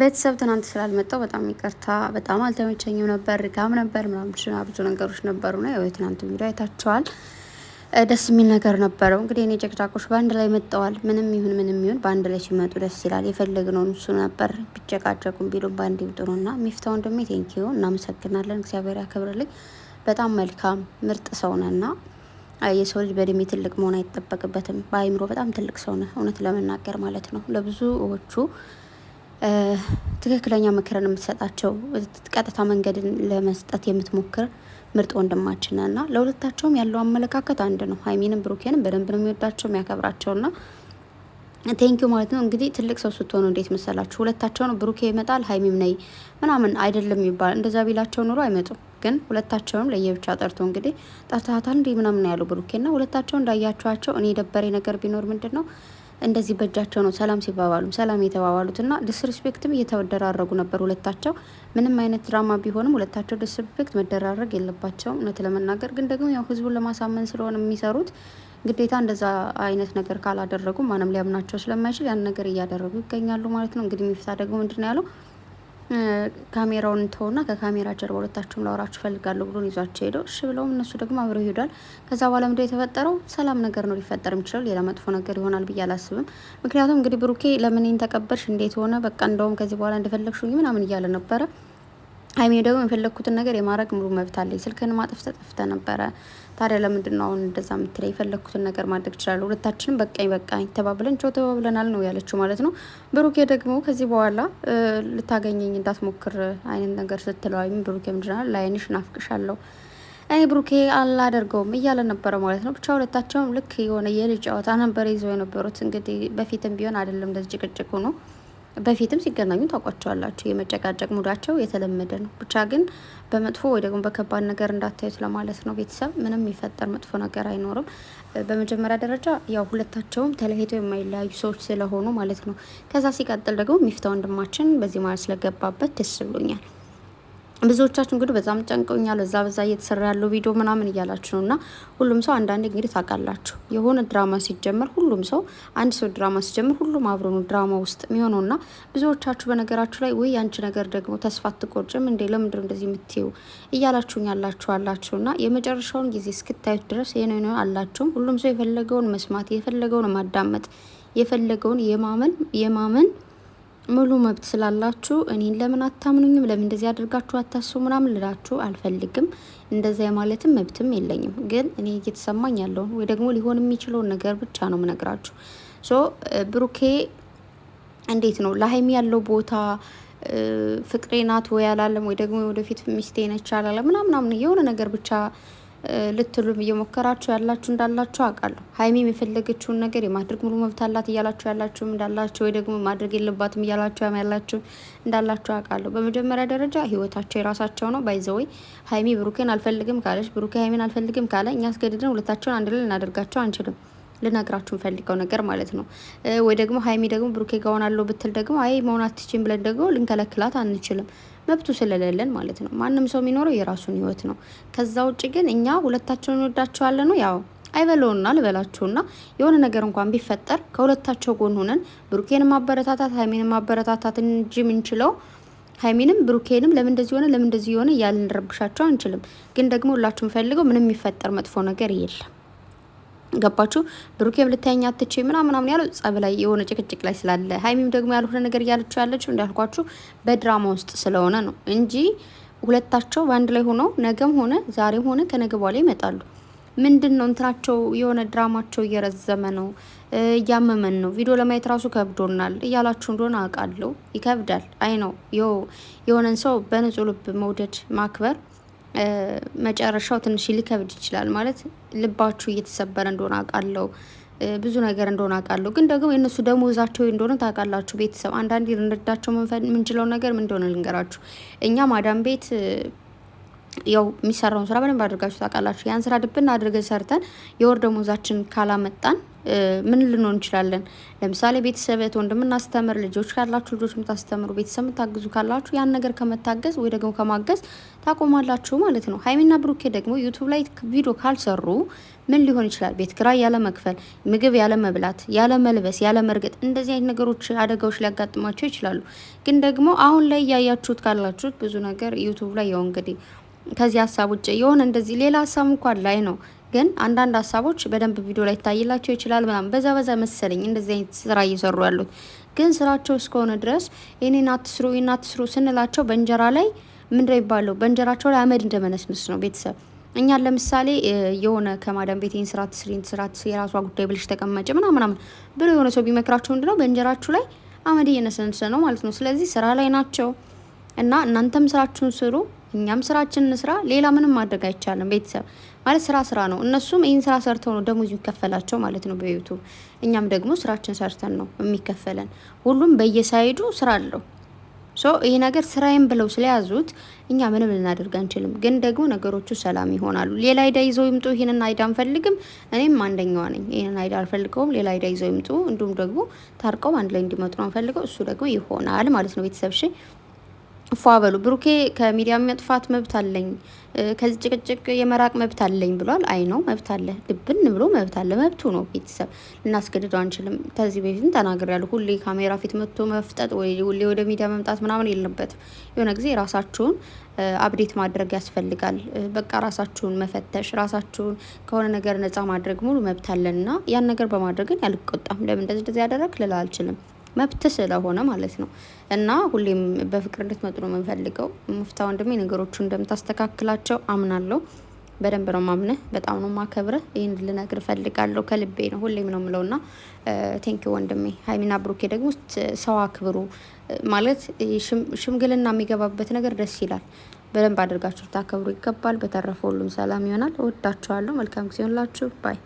ቤተሰብ ትናንት ስላልመጣው በጣም ይቅርታ። በጣም አልተመቸኝም ነበር፣ ርጋም ነበር ምናምን ብዙ ነገሮች ነበሩ ነው ያው የትናንት ቪዲዮ አይታችኋል። ደስ የሚል ነገር ነበረው። እንግዲህ እኔ ጨቅጫቆች በአንድ ላይ መጠዋል። ምንም ይሁን ምንም ይሁን በአንድ ላይ ሲመጡ ደስ ይላል። የፈለግነውን እሱ ነበር። ቢጨቃጨቁም ቢሉም በአንድ ይውጡ ነው እና ሚፍታ ወንድሜ ቴንኪዩ፣ እናመሰግናለን። እግዚአብሔር ያክብርልኝ። በጣም መልካም ምርጥ ሰው ነህ እና የሰው ልጅ በእድሜ ትልቅ መሆን አይጠበቅበትም። በአይምሮ በጣም ትልቅ ሰው ነህ፣ እውነት ለመናገር ማለት ነው ለብዙዎቹ ትክክለኛ ምክርን የምትሰጣቸው ቀጥታ መንገድን ለመስጠት የምትሞክር ምርጥ ወንድማችን እና ለሁለታቸውም ያለው አመለካከት አንድ ነው። ሀይሚንም ብሩኬንም በደንብ ነው የሚወዳቸው የሚያከብራቸውና ቴንኪዩ ማለት ነው። እንግዲህ ትልቅ ሰው ስትሆኑ እንዴት መሰላችሁ? ሁለታቸውን ብሩኬ ይመጣል ሀይሚም ነይ ምናምን አይደለም ይባላል። እንደዛ ቢላቸው ኑሮ አይመጡም። ግን ሁለታቸውንም ለየብቻ ጠርቶ እንግዲህ ጠርታታል እንዲህ ምናምን ያሉ ና ሁለታቸው እንዳያቸዋቸው እኔ የደበሬ ነገር ቢኖር ምንድን ነው እንደዚህ በእጃቸው ነው ሰላም ሲባባሉ ሰላም እና ዲስሪስፔክትም እየተደራረጉ ነበር ሁለታቸው። ምንም አይነት ድራማ ቢሆንም ሁለታቸው ዲስሪስፔክት መደራረግ የለባቸውም። እውነት ለመናገር ግን ደግሞ ያው ህዝቡን ለማሳመን ስለሆነ የሚሰሩት ግዴታ እንደዛ አይነት ነገር ካላደረጉ ማንም ሊያምናቸው ስለማይችል ያን ነገር እያደረጉ ይገኛሉ ማለት ነው። እንግዲህ ሚፍታ ደግሞ ምንድን ነው ያለው ካሜራውን ተውና ከካሜራ ጀርባ ሁለታችሁም ላወራችሁ ፈልጋለሁ ብሎን ይዟቸው ሄደው እሺ ብለውም እነሱ ደግሞ አብረው ይሄዳል። ከዛ በኋላ ምንድነው የተፈጠረው? ሰላም ነገር ነው ሊፈጠር የሚችለው ሌላ መጥፎ ነገር ይሆናል ብዬ አላስብም። ምክንያቱም እንግዲህ ብሩኬ ለምን ተቀበልሽ እንዴት ሆነ በቃ እንደውም ከዚህ በኋላ እንደፈለግሽኝ ምናምን እያለ ነበረ ሀይሜ ደግሞ የፈለግኩትን ነገር የማድረግ ሙሉ መብት አለኝ። ስልክን ማጥፍ ተጠፍተ ነበረ። ታዲያ ለምንድን ነው አሁን እንደዛ ምትለ? የፈለግኩትን ነገር ማድረግ ይችላሉ። ሁለታችንም በቃኝ በቃኝ ተባብለን ቸው ተባብለናል ነው ያለችው ማለት ነው። ብሩኬ ደግሞ ከዚህ በኋላ ልታገኘኝ እንዳትሞክር አይነት ነገር ስትለዋይም ብሩኬ ምንድናል ለአይንሽ ናፍቅሻለሁ እኔ ብሩኬ አላደርገውም እያለ ነበረ ማለት ነው። ብቻ ሁለታቸውም ልክ የሆነ የልጅ ጨዋታ ነበር ይዘው የነበሩት። እንግዲህ በፊትም ቢሆን አይደለም እንደዚህ ጭቅጭቅ ነው። በፊትም ሲገናኙ ታውቋቸዋላችሁ። የመጨቃጨቅ ሙዳቸው የተለመደ ነው። ብቻ ግን በመጥፎ ወይ ደግሞ በከባድ ነገር እንዳታዩት ለማለት ነው። ቤተሰብ ምንም የሚፈጠር መጥፎ ነገር አይኖርም። በመጀመሪያ ደረጃ ያው ሁለታቸውም ተለያይተው የማይለያዩ ሰዎች ስለሆኑ ማለት ነው። ከዛ ሲቀጥል ደግሞ ሚፍታ ወንድማችን በዚህ ማለት ስለገባበት ደስ ብሎኛል። ብዙዎቻችሁ እንግዲህ በዛም ጨንቀውኛል፣ እዛ በዛ እየተሰራ ያለው ቪዲዮ ምናምን እያላችሁ ነው እና ሁሉም ሰው አንዳንድ እንግዲህ ታውቃላችሁ የሆነ ድራማ ሲጀመር ሁሉም ሰው አንድ ሰው ድራማ ሲጀምር ሁሉም አብሮ ነው ድራማ ውስጥ የሚሆነው እና ብዙዎቻችሁ በነገራችሁ ላይ ወይ ያንቺ ነገር ደግሞ ተስፋ አትቆርጭም እንዴ ለምንድነው እንደዚህ የምትይው እያላችሁኝ ያላችሁ አላችሁ እና የመጨረሻውን ጊዜ እስክታዩት ድረስ ይህን አላችሁም። ሁሉም ሰው የፈለገውን መስማት የፈለገውን ማዳመጥ የፈለገውን የማመን የማመን ሙሉ መብት ስላላችሁ እኔን ለምን አታምኑኝም፣ ለምን እንደዚህ አድርጋችሁ አታስቡ ምናምን ልላችሁ አልፈልግም። እንደዛ የማለትም መብትም የለኝም። ግን እኔ እየተሰማኝ ያለውን ወይ ደግሞ ሊሆን የሚችለውን ነገር ብቻ ነው ምነግራችሁ። ሶ ብሩኬ እንዴት ነው ለሀይሚ ያለው ቦታ ፍቅሬ ናት ወይ አላለም ወይ ደግሞ ወደፊት ሚስቴ ነች አላለም ምናምናምን የሆነ ነገር ብቻ ልትሉም እየሞከራችሁ ያላችሁ እንዳላችሁ አውቃለሁ። ሀይሚ የፈለገችውን ነገር የማድረግ ሙሉ መብት አላት እያላችሁ ያላችሁም እንዳላችሁ፣ ወይ ደግሞ ማድረግ የለባትም እያላችሁ ያላችሁ እንዳላችሁ አውቃለሁ። በመጀመሪያ ደረጃ ህይወታቸው የራሳቸው ነው። ባይዘወይ ሀይሚ ብሩኬን አልፈልግም ካለች፣ ብሩኬ ሀይሚን አልፈልግም ካለ እኛ አስገድደን ሁለታቸውን አንድ ላይ ልናደርጋቸው አንችልም። ልነግራችሁ ፈልገው ነገር ማለት ነው። ወይ ደግሞ ሀይሚ ደግሞ ብሩኬ ጋር ሆናለሁ ብትል ደግሞ አይ መሆን አትችም ብለን ደግሞ ልንከለክላት አንችልም። መብቱ ስለሌለን ማለት ነው። ማንም ሰው የሚኖረው የራሱን ህይወት ነው። ከዛ ውጭ ግን እኛ ሁለታቸውን እንወዳቸዋለን ነው ያው አይበለውና ልበላችሁና የሆነ ነገር እንኳን ቢፈጠር ከሁለታቸው ጎን ሆነን ብሩኬን ማበረታታት ሀይሚን ማበረታታት እንጂ ምንችለው ሀይሚንም ብሩኬንም ለምን እንደዚህ ሆነ ለምን እንደዚህ ሆነ እያልን ረብሻቸው አንችልም። ግን ደግሞ ሁላችሁ ፈልገው ምንም የሚፈጠር መጥፎ ነገር የለም። ገባችሁ ብሩኬ ልታየኝ አትቼ ምናምን ምናምን ያለው ጸብ ላይ የሆነ ጭቅጭቅ ላይ ስላለ ሀይሚም ደግሞ ያልሆነ ነገር እያለችው ያለችው እንዳልኳችሁ በድራማ ውስጥ ስለሆነ ነው እንጂ ሁለታቸው በአንድ ላይ ሆነው ነገም ሆነ ዛሬም ሆነ ከነገ በኋላ ይመጣሉ። ምንድን ነው እንትናቸው የሆነ ድራማቸው እየረዘመ ነው፣ እያመመን ነው፣ ቪዲዮ ለማየት ራሱ ከብዶናል እያላችሁ እንደሆነ አውቃለሁ። ይከብዳል። አይ ነው የሆነን ሰው በንጹህ ልብ መውደድ ማክበር መጨረሻው ትንሽ ሊከብድ ይችላል። ማለት ልባችሁ እየተሰበረ እንደሆነ አውቃለሁ፣ ብዙ ነገር እንደሆነ አውቃለሁ። ግን ደግሞ የእነሱ ደሞዛቸው እንደሆነ ታውቃላችሁ። ቤተሰብ አንዳንዴ ልንረዳቸው ምንችለው ነገር ምን እንደሆነ ልንገራችሁ። እኛ ማዳም ቤት ያው የሚሰራውን ስራ በደንብ አድርጋችሁ ታውቃላችሁ። ያን ስራ ድብና አድርገን ሰርተን የወር ደሞዛችን ካላመጣን ምን ልንሆን እንችላለን? ለምሳሌ ቤተሰብ ወንድም እናስተምር፣ ልጆች ካላችሁ ልጆች የምታስተምሩ፣ ቤተሰብ የምታግዙ ካላችሁ ያን ነገር ከመታገዝ ወይ ደግሞ ከማገዝ ታቆማላችሁ ማለት ነው። ሀይሚና ብሩኬ ደግሞ ዩቱብ ላይ ቪዲዮ ካልሰሩ ምን ሊሆን ይችላል? ቤት ኪራይ ያለ መክፈል፣ ምግብ ያለ መብላት፣ ያለ መልበስ፣ ያለ መርገጥ፣ እንደዚህ አይነት ነገሮች አደጋዎች ሊያጋጥማቸው ይችላሉ። ግን ደግሞ አሁን ላይ እያያችሁት ካላችሁት ብዙ ነገር ዩቱብ ላይ ያው እንግዲህ ከዚህ ሀሳብ ውጭ የሆነ እንደዚህ ሌላ ሀሳብ እንኳን ላይ ነው ግን አንዳንድ ሀሳቦች በደንብ ቪዲዮ ላይ ይታይላቸው ይችላል። በጣም በዛ በዛ መሰለኝ እንደዚህ አይነት ስራ እየሰሩ ያሉት ግን ስራቸው እስከሆነ ድረስ ይህኔን አትስሩ ይህን አትስሩ ስንላቸው በእንጀራ ላይ ምንድ ይባለው በእንጀራቸው ላይ አመድ እንደመነስንስ ነው። ቤተሰብ እኛን ለምሳሌ የሆነ ከማዳም ቤት ይህን ስራ ትስሪ ስራ ትስሪ የራሷ ጉዳይ ብልሽ ተቀመጭ ምናምናምን ብሎ የሆነ ሰው ቢመክራቸው ምንድነው በእንጀራችሁ ላይ አመድ እየነሰነሰ ነው ማለት ነው። ስለዚህ ስራ ላይ ናቸው እና እናንተም ስራችሁን ስሩ፣ እኛም ስራችን እንስራ። ሌላ ምንም ማድረግ አይቻልም። ቤተሰብ ማለት ስራ ስራ ነው። እነሱም ይህን ስራ ሰርተው ነው ደሞዝ የሚከፈላቸው ማለት ነው በዩቱብ። እኛም ደግሞ ስራችን ሰርተን ነው የሚከፈለን። ሁሉም በየሳይዱ ስራ አለው። ሶ ይህ ነገር ስራዬም ብለው ስለያዙት እኛ ምንም ልናደርግ አንችልም። ግን ደግሞ ነገሮቹ ሰላም ይሆናሉ። ሌላ አይዳ ይዘው ይምጡ። ይህንን አይዳ አንፈልግም። እኔም አንደኛዋ ነኝ። ይህንን አይዳ አልፈልገውም። ሌላ አይዳ ይዘው ይምጡ። እንዲሁም ደግሞ ታርቀው አንድ ላይ እንዲመጡ ነው አንፈልገው። እሱ ደግሞ ይሆናል ማለት ነው ቤተሰብ ሽ ፏበሉ ብሩኬ ከሚዲያ መጥፋት መብት አለኝ፣ ከዚህ ጭቅጭቅ የመራቅ መብት አለኝ ብሏል። አይ ነው መብት አለ፣ ልብን ብሎ መብት አለ። መብቱ ነው። ቤተሰብ ልናስገድደው አንችልም። ከዚህ በፊትም ተናግሬያለሁ። ሁሌ ካሜራ ፊት መጥቶ መፍጠጥ ወይ ሁሌ ወደ ሚዲያ መምጣት ምናምን የለበትም። የሆነ ጊዜ ራሳችሁን አብዴት ማድረግ ያስፈልጋል። በቃ ራሳችሁን መፈተሽ፣ ራሳችሁን ከሆነ ነገር ነጻ ማድረግ ሙሉ መብት አለንና ያን ነገር በማድረግን ያልቆጣም። ለምን እንደዚህ እንደዚህ ያደረግ ልል አልችልም። መብት ስለሆነ ማለት ነው። እና ሁሌም በፍቅር እንድትመጡ ነው የምንፈልገው። ሙፍታ ወንድሜ ነገሮቹ እንደምታስተካክላቸው አምናለሁ። በደንብ ነው ማምነህ፣ በጣም ነው ማከብረህ። ይህን ልነግር ፈልጋለሁ ከልቤ ነው፣ ሁሌም ነው ምለው ና ቴንኪ ወንድሜ። ሀይሚና ብሩኬ ደግሞ ሰው አክብሩ ማለት ሽምግልና የሚገባበት ነገር ደስ ይላል። በደንብ አድርጋችሁ ልታከብሩ ይገባል። በተረፈ ሁሉም ሰላም ይሆናል። እወዳችኋለሁ። መልካም ጊዜ ሆንላችሁ ባይ